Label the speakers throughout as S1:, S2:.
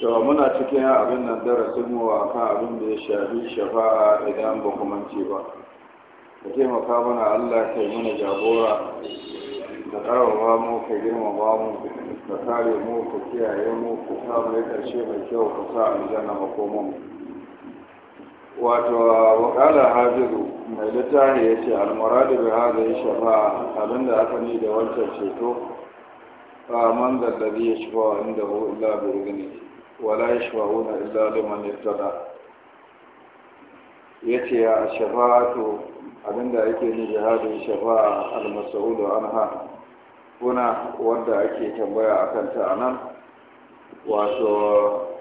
S1: shawa muna cikin abin nan darasin mu a kan abin da ya shafi shafa'a idan ba ku mance ba ka taimaka mana Allah kai mana jagora ka karawa mu ka girmama mu ka kare mu ka kiyaye mu ka samu ya karshe mai kyau ka sa aljanna makomin mu wato wakala hajiru mai littafi ya ce almuradu bi hadhihi shafa abinda aka ni da wancan ceto fa man da ladhi wa inda hu illa bi ya wa la na illa liman irtada yace ya shafa to abinda ake ni da hadhihi da an ha kuna wanda ake tambaya akan a nan wato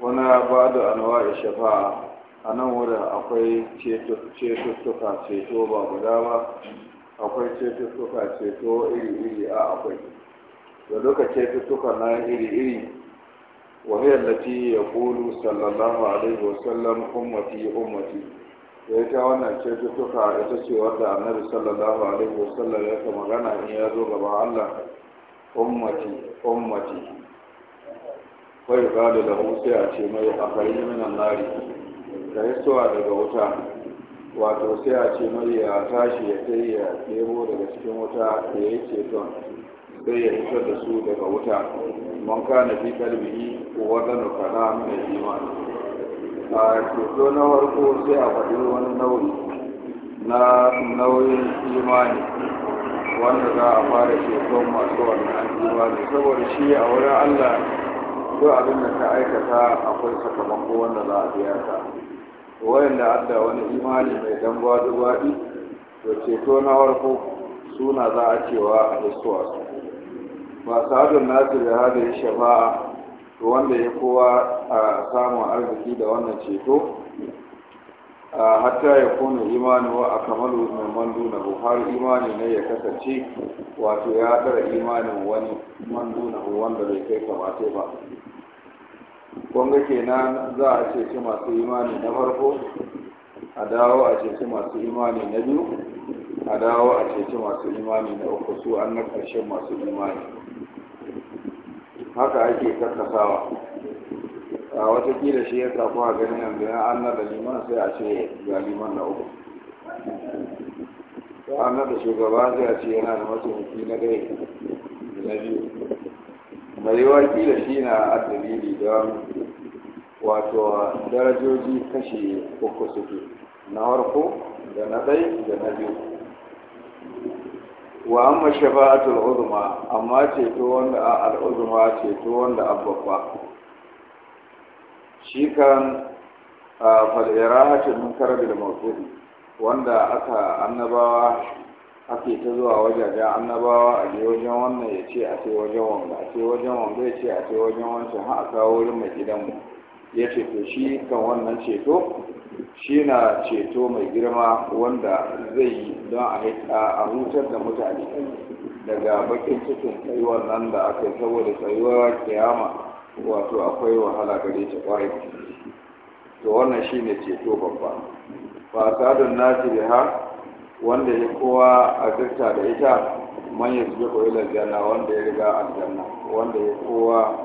S1: kuna ba da ya shafa. a nan wurin akwai cetuttuka ceto ba guda ba akwai cetuttuka ceto iri-iri a akwai da duka cetuttuka na iri-iri wahiyar lati ya kulu sallallahu alaihi wasallam ummati ummati da ita wannan cetuttuka ita ce wadda annabi sallallahu alaihi wasallam ya ka magana in ya zo gaba allah ummati ummati kai ba da lahu sai a ce mai a kari minan nari raistowa daga wuta wato sai a ce mai ya tashi ya kai ya nemo daga cikin wuta da ya yi ceton sai ya fitar da su daga wuta man na fi kalbihi da kana mai zima a ceto na farko sai a faɗi wani nauyi na nauyin imani wanda za a fara ceton masu wannan imani saboda shi a wurin allah duk abin da ka aikata akwai sakamako wanda za a biya ta. to wayanda adda wani imani mai dan gwadu gwadi to ceto na warko suna za a cewa a hisuwa su ba sa'adun nasu da hada shafa'a to wanda ya kowa a samun arziki da wannan ceto hatta ya kone imani wa a kamalu mai duna har imani ne ya kasance wato ya tsara imanin wani manduna wanda bai kai kamata ba kunga kenan za a ce su masu imani na farko a dawo a ce masu imani na biyu a dawo a ce masu imani na uku su an na ƙarshen masu imani haka ake karkasawa a watakila shi ya kafu a ganin yanzu na an da liman sai a ce ga liman na uku ta an da shugaba sai a ce yana da mataimaki na ɗaya na biyu mai da kila shi na dalili don wato darajoji kashe uku suke na harko da na ɗai da na biyu wa amma a uzma amma ceto wanda a al'uzuma ceto wanda a babba. shi kan fal'irahatun min da mawqudi wanda aka annabawa ake ta zuwa wajajen annabawa a je wajen wannan ya ce a ce wajen wanda a ce wajen wanda ya ce a ce wajen wancan har a kawo wurin mai gidanmu ya ce to shi kan wannan ceto shi na ceto mai girma wanda zai yi don a hutar da mutane daga bakin cikin tsayuwar nan da aka yi saboda tsayuwar kiyama wato akwai wahala gare ta kwari to wannan shi ne ceto babba fasadun nasi biha wanda ya kowa a kirta da ita man ya zuwa koyi aljanna wanda ya riga aljanna wanda ya kowa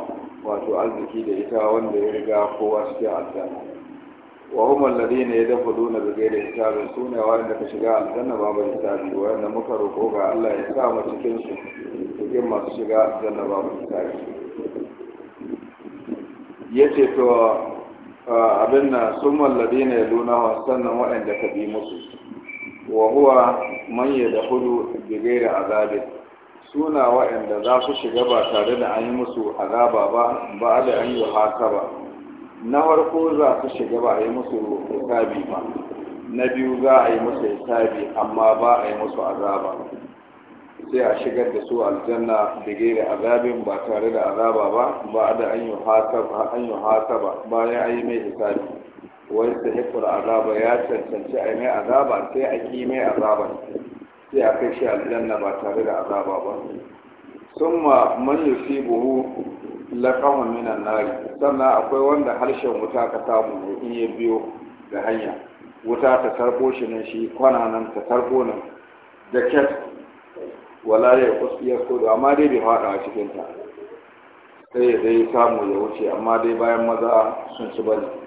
S1: wato arziki da ita wanda ya riga kowa cikin aljanna wa ne ya hum alladhina da bi su ne sune da ka shiga aljanna babu hisabi wanda muka roko ga Allah ya sa mu cikin su cikin masu shiga aljanna babu Ya ce to abin na sun ya alladhina yaluna sannan waɗanda ka bi musu wa huwa man yadkhulu bi ghairi azabin suna waɗanda za su shiga ba tare da an yi musu azaba ba ba da an yi hasaba na farko za su shiga ba a yi musu hisabi ba na biyu za a yi musu hisabi amma ba a yi musu azaba sai a shigar da su aljanna da gaira azabin ba tare da azaba ba ba da an yi hasaba bayan an yi mai hisabi wai da hifar azaba ya cancanci a mai azaba sai a ki mai azaba sai a kai shi aljanna ba tare da azaba ba ma man yusibuhu laqahu minan nari sannan akwai wanda harshen wuta ka samu in ya biyo da hanya wuta ta tarbo shi ne shi kwana nan ta tarbo nan da kyat wala ya kusiya amma dai bai fada a cikin sai ya dai samu ya wuce amma dai bayan maza sun ci bane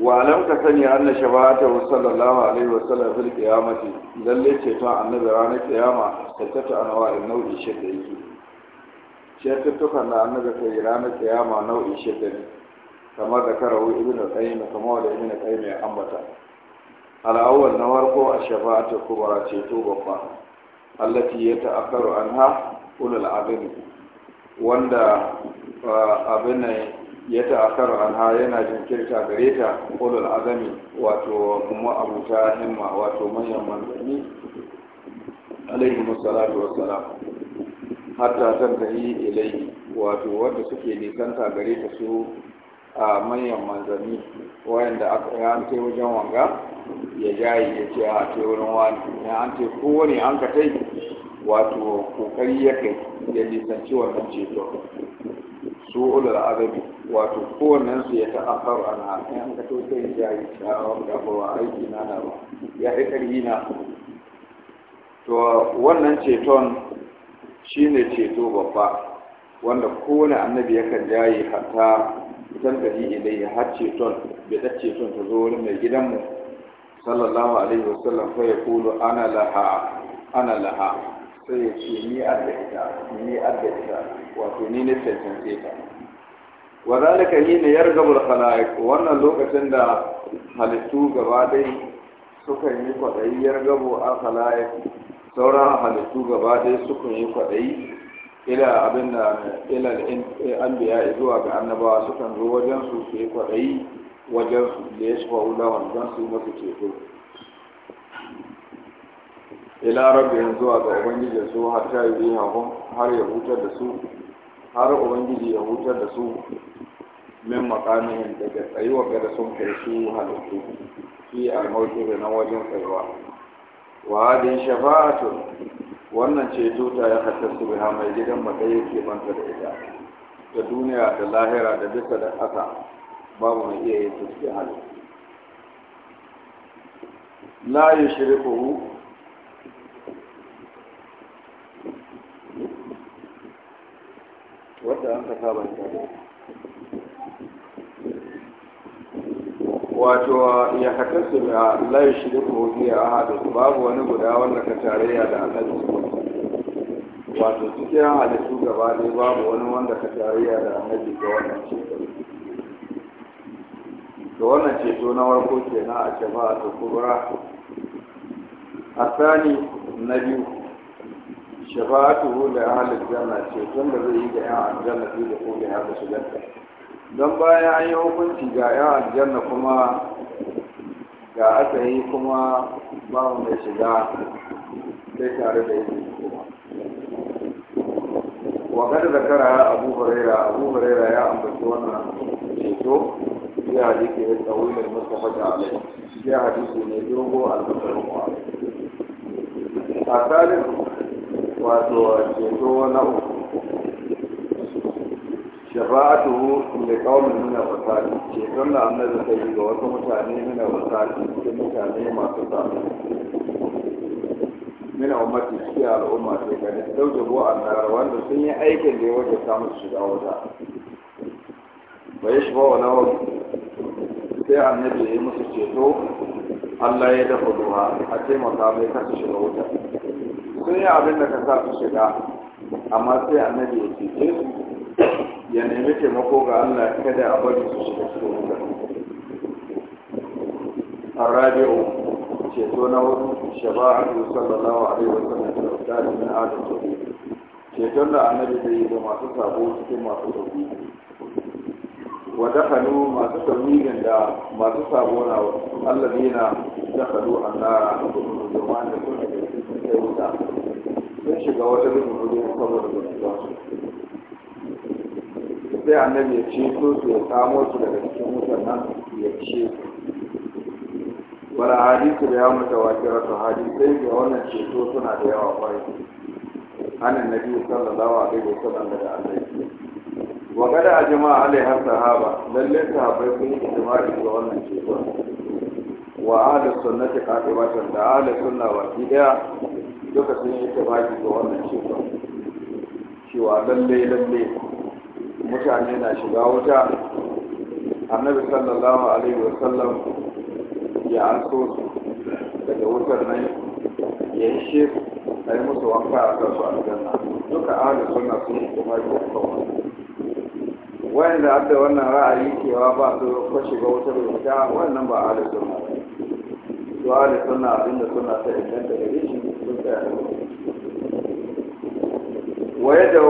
S1: wa lam ka sani anna shafa'ata wa sallallahu alaihi wa sallam fil qiyamati lalle ce to annabi ranar qiyama tattata wa in nau'i shidda yake to da annabi kai ranar qiyama nau'i shidda ne kamar da karawu ibn qayyim kamar da ibn qayyim ya ambata al-awwal na farko a shafaatu kubra ce to babba allati ta'akaru anha ulul azmi wanda ah, abin ya ta'akar anha yana jinkirta gare ta ulul azami wato kuma ta himma wato manyan manzanni alaihi musallatu wassalam hatta yi ilai wato wanda suke nisanta gare ta su a manyan manzanni wayanda aka yi an wajen wanga ya jayi ya ce a ce wurin wani ya an ce kowane an ka kai wato kokari ya kai ya nisanci wannan ceto su ulul azami wato kowannen su ya ta'afar a na an ka to sai ya yi sha'awa da ba aiki na na ba ya yi ƙarfi na to wannan ceton shine ceto babba wanda kowane annabi ya kan jaye hatta idan gari ya har ceton bai da ceton ta zo wurin mai gidanmu sallallahu alaihi wasallam fa ya kulu ana laha ana laha sai ya ce ni adda ita ni adda ita wato ni ne cancance ta wa zalika hina yargabul khalaiq wannan lokacin da halittu gaba dai suka yi kwadayi yargabu al khalaiq sauran halittu gaba dai suka yi kwadayi ila abin da ila anbiya zuwa ga annabawa sukan zo wajen su su yi kwadayi wajen su da ya shafa ulawan don su masu ceto ila rabbihim zuwa ga ubangijin su har ta yi har ya hutar da su har ubangiji ya hutar da su min makamihin daga tsayuwa da sun kai su halittu fi almauki da na wajen tsayuwa wa hadin shafa'atu wannan ceto ta ya su biha mai gidan matsayi yake banta da ita da duniya da lahira da duka da ƙasa babu mai iya yin cikin halittu la yushriku wadda an ka sabanta wato ya hakasu da layi shi duk hobi a hadu babu wani guda wanda ka tarayya da annabi wato cikin halittu gaba ne babu wani wanda ka tarayya da annabi ga wannan ceto ga wannan ceto na warko kenan a jama'a kubura. A asani na biyu shafa'atuhu da ahlul janna ce tun da zai yi ga yan aljanna fi da kuma ya ga shigarta don bayan an yi hukunci ga yan aljanna kuma ga aka yi kuma babu mai shiga sai tare da yi kuma wakar da kara abu huraira abu huraira ya ambaci wannan ceto ya hadisi ya tsawilin mustafa da alai ya hadisi ne dogo al-mustafa a tsarin wato ceto na uku shafa'atuhu da kawai nuna fasali ceton da annabi ta yi ga wasu mutane nuna fasali cikin mutane masu sami mina umarci yi al'umma sai ga da dauke bo annar wanda sun yi aikin da ya wajen samun shiga wata bai shi ba wani wani sai annabi ya yi musu ceto Allah ya dafa duha a taimaka mai kasa shiga wuta sun yi abin da ka sa su shiga amma sai annabi ya ce ce ya nemi taimako ga Allah kada a bari su shiga cikin wuta ce ceto na wasu shaba'atu sallallahu alaihi wa sallam da da na adam ceton da annabi zai yi da masu sabo cikin masu sauki Wata hannu masu tawhidin da masu sabo na Allah ne na dakalu annara domin da sun shiga wata dubu gudu saboda gaskiya sai annabi ya ce so su ya samo su daga cikin wutan nan ya ce wala hadisu da ya mutu wakira to hadisai da wannan ceto suna da yawa kwarai hannun nabi sallallahu alaihi wasallam daga annabi wa kada a jama'a har sahaba lallai sahabai sun yi jima'i da wannan ceto wa ahlus sunnati qatibatan da ahlus sunna wa daya duka sun yi ta baki ga wannan cewa cewa lalle lalle mutane na shiga wuta annabi sallallahu alaihi wa sallam ya aso su daga wutar nan ya yi shi a yi musu wanka a kan su aljanna duka ahalin suna sun yi ta baki a kan wanda adda wannan ra'ayi cewa ba su ko shiga wutar wuta wannan ba ahalin suna ba su ahalin suna abinda suna ta inganta gare shi waye da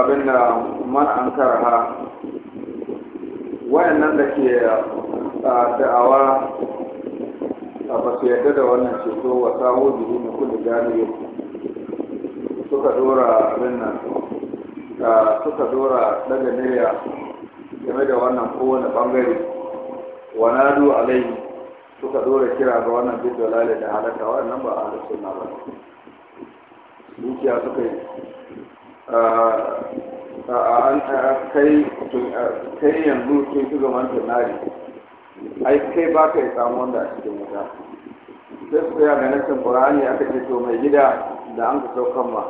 S1: abin da man an karha wayannan da ke da'awa a basu yadda da wannan ceto wa sawo biyu na kudu jami'in suka dora abin nan suka dora daga niriya game da wannan kowane bangare wa du alaihi suka dora kira ga wannan da lalai da halaka wannan ba a halittar na ba dukiya suka yi A kai yanzu sun fi zaman tunari ai kai ba ka yi samu wanda a cikin wuta sai suka yi ganacin ƙorani aka ce to mai gida da an ka saukan ma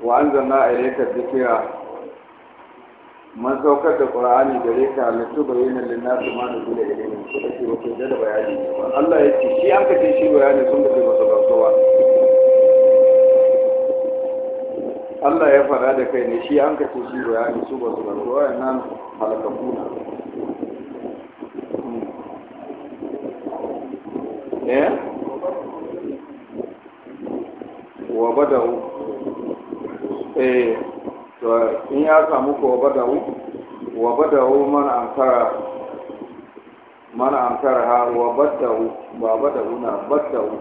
S1: wa an zanna a ilaikar zikira man saukar da qur'ani gare ka la tubayyana lin-nasi ma nuzila ilayhim suka ce wato da bayani Allah ya ce shi an kace shi bayani sun da ba su Allah ya fara da kai ne shi an kace shi bayani su ba su gamsu ba nan halakakuna eh wa bada'u eh in ya samu ko wa badawu wa badawu mana ankara mana ankara ha wa badawu ba badawu na badawu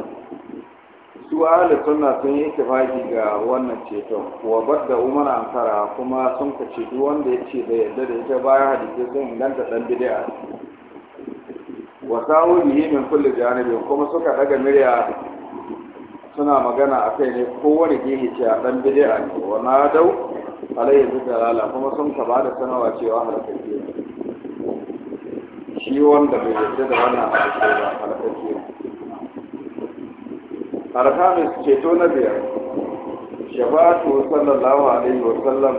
S1: su ahli sunna sun yi ittifaqi ga wannan ceton wa badawu mana ankara kuma sun kace duk wanda ya ce da yadda da ita bayan hadisi sun inganta dan bid'a wa sawu bihi min kulli janibi kuma suka daga murya suna magana akai ne kowane gehe ce a dan bid'a ne wa na dau alayhi zikarala kuma sun ka ba da sanawa cewa halakake shi wanda bai yadda da wannan halakake ba halakake arkamis ceto na biyar shafatu sallallahu alaihi wasallam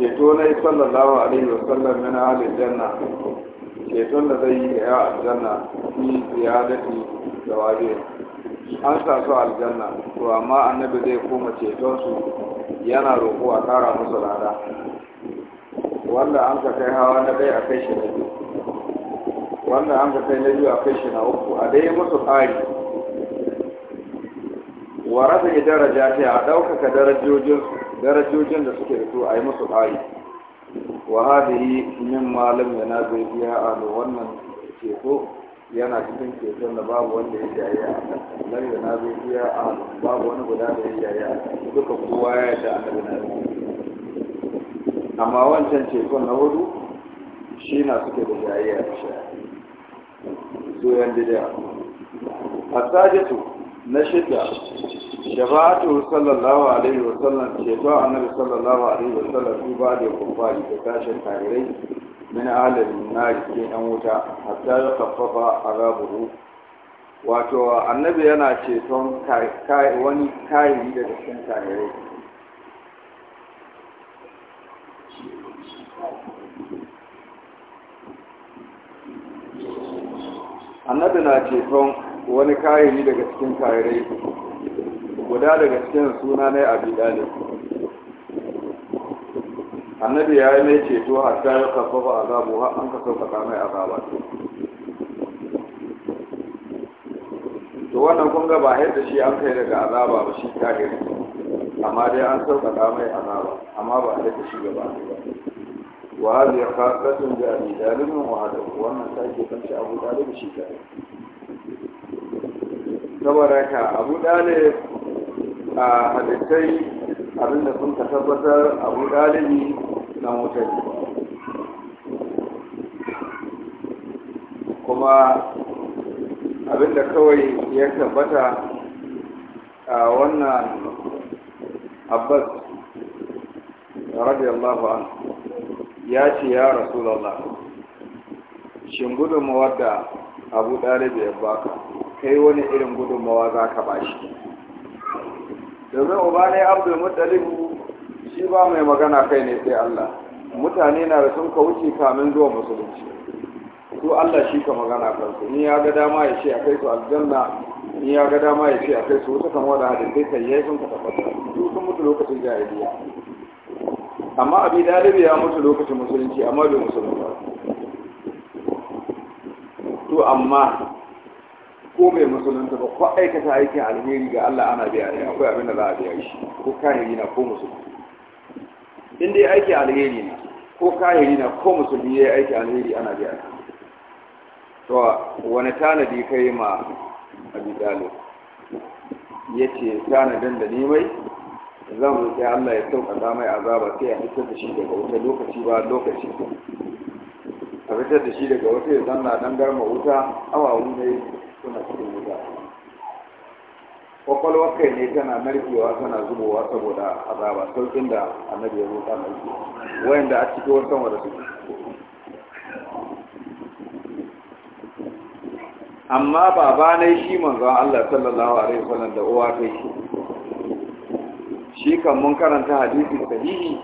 S1: ceto na yi sallallahu alaihi wasallam min halin janna ceton da zai yi ya aljanna fi ziyadati da wajen an sa su aljanna to amma annabi zai koma ceton su yana roƙo a ƙara musu lada wanda an ka kai hawa na ɗaya a kai shi na biyu wanda an ka kai na biyu a kai shi na uku a dai musu ƙari Wara ta ya daraja ta a ɗaukaka darajojin da suke da su a yi musu ƙari wa hadihi min malam yana zai biya a wannan ceto yana cikin ceton da babu wanda ya jaye a kan da na zai iya a babu wani guda da ya jaye duka kowa ya a kan na amma wancan ceton na hudu shi na suke da jaye a shi zuwan A asajatu na shidda shafa'atu sallallahu alaihi wa sallam ceton annabi sallallahu alaihi wasallam su ba da kubbari da tashin tarirai min ahalin na cikin yan wuta hatta ya kafafa azabuhu wato annabi yana ceton wani kayi daga cikin annabi na ceton wani kayayi daga cikin kayayyaki guda daga cikin suna na abi annabi ya yi mai ceto a ta yi a azabu har an ka sauƙaƙa mai azaba to wannan kun ga ba yadda shi an kai daga azaba ba shi kafiri amma dai an sauƙaƙa mai azaba amma ba da shi gaba ba wa hadhihi khasatun bi abi dalib wa hada wannan sake kan shi abu dalib shi kai saboda ka abu dalib a hadisai abinda sun ka tabbatar abu dalibi wutar kuma abinda kawai ya tabbata a wannan abbas radiyallahu an ya ce ya rasulallah shin gudunmawar da abu da ya baka kai wani irin gudunmawa za ka ba shi domin uba ne abdul muttalibu shi ba mai magana kai ne sai Allah mutane na da sun ka wuce kamin zuwa musulunci su Allah shi ka magana kansu ni ya ga dama ya ce a kai su aljanna ni ya ga dama ya ce a kai su wuta kan wani hadisai kai yayi sun ka tabbata su sun mutu lokacin jahiliya amma abi dalibi ya mutu lokacin musulunci amma bai musulunci ba to amma ko bai musulunta ba ko aikata aikin alheri ga Allah ana biya ne akwai abin da za a biya shi ko yi na ko musulunci in dai aiki alheri ne ko kahiri na ko musulmi ya aiki alheri ana biya to wani tanadi kai ma abi ya ce tanadin da nemai zan roƙi Allah ya sauƙaƙa mai azaba sai a fitar da shi daga wuta lokaci ba lokaci a fitar da shi daga wata ya zanna dangar mawuta wuta awa wunai suna cikin wuta kwakwalwar kai ne tana narkewa tana zubowa saboda azaba saukin da annabi ya roƙa wayan wayanda a cikin wata wanda suke amma baba yi shi manzon Allah sallallahu alaihi wasallam da uwa kai shi kan mun karanta hadisi sahihi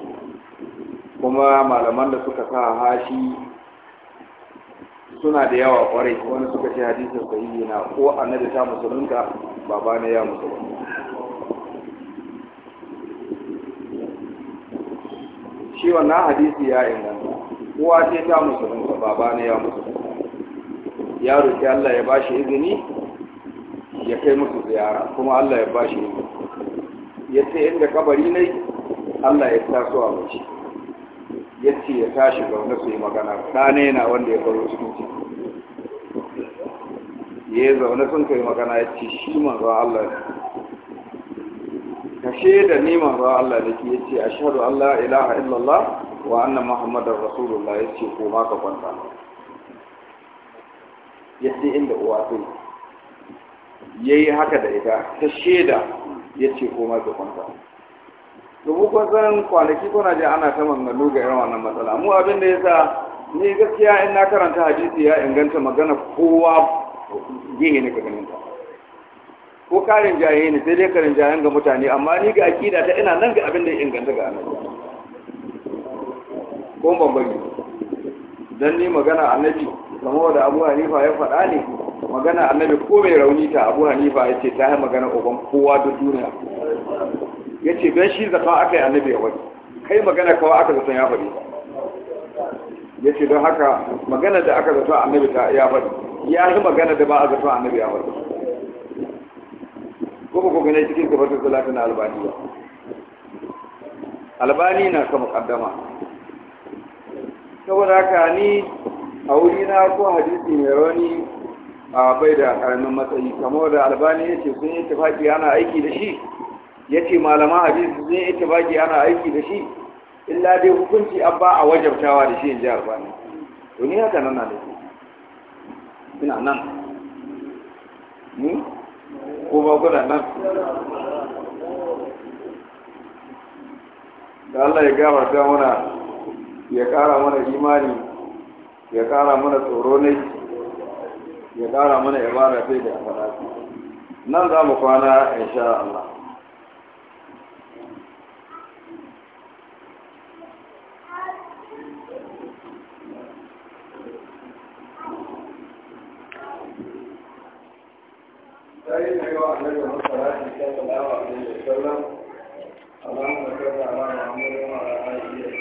S1: kuma malaman da suka sa hashi suna da yawa kwarai wani suka ce hadisin sahihi na ko annabi ta musulunta baba ne ya mutu shi wannan hadisi ya inganta uwa ce ta musulunta baba ne ya mutu ya roƙi Allah ya ba shi izini ya kai musu ziyara kuma Allah ya ba shi izini ya ce inda kabari ne Allah ya taso a mace ya ce ya tashi ga wani su yi magana ɗane na wanda ya faru cikin ciki ya yi zaune sun kai magana ya ce shi manzon Allah ne kashe da ni manzon Allah ne ya ce ashhadu Allah la ilaha illallah wa annan muhammadar rasulullah ya ce ko ma ka kwanta ya ce inda uwa sai ya yi haka da ita ta da ya ce ko ma ka kwanta domin kun san kwanaki kuna je ana ta maganganu ga irin wannan matsala mu abin da ya sa ni gaskiya in na karanta hadisi ya inganta magana kowa gehe ne ka ganin ta ko karin jaye ne sai dai karin jayen ga mutane amma ni ga akida ta ina nan ga abin da ya inganta ga annabi ko ban bari dan ni magana annabi kamar da Abu Hanifa ya faɗa ne magana annabi ko mai rauni ta Abu Hanifa ya ce ta yi magana uban kowa da duniya ya ce don shi zafa aka yi annabi ya wani kai magana kawai aka zaton ya faɗi ya ce don haka magana da aka zaton annabi ta ya faɗi ya yi magana da ba a zafi a nabi faɗa ko ba ku gane cikin tabbatu salatu na albani ba albani na ka kaddama saboda haka ni a wuri na ko hadisi mai rauni a bai da karamin matsayi kamar da albani ya ce sun yi tafaki ana aiki da shi ya ce malaman hadisi sun yi tafaki ana aiki da shi illa dai hukunci abba a wajabtawa da shi in ji albani to ni haka nan na da shi suna nan Ni? Hmm? ko ba kuna nan da Allah ya ta mana ya kara mana imani ya kara mana tsoro ne ya kara mana ibada sai da afalati nan za mu kwana insha Allah sai ne wa annabi sallallahu alaihi wasallam Allahumma salli ala Muhammadin wa ala alihi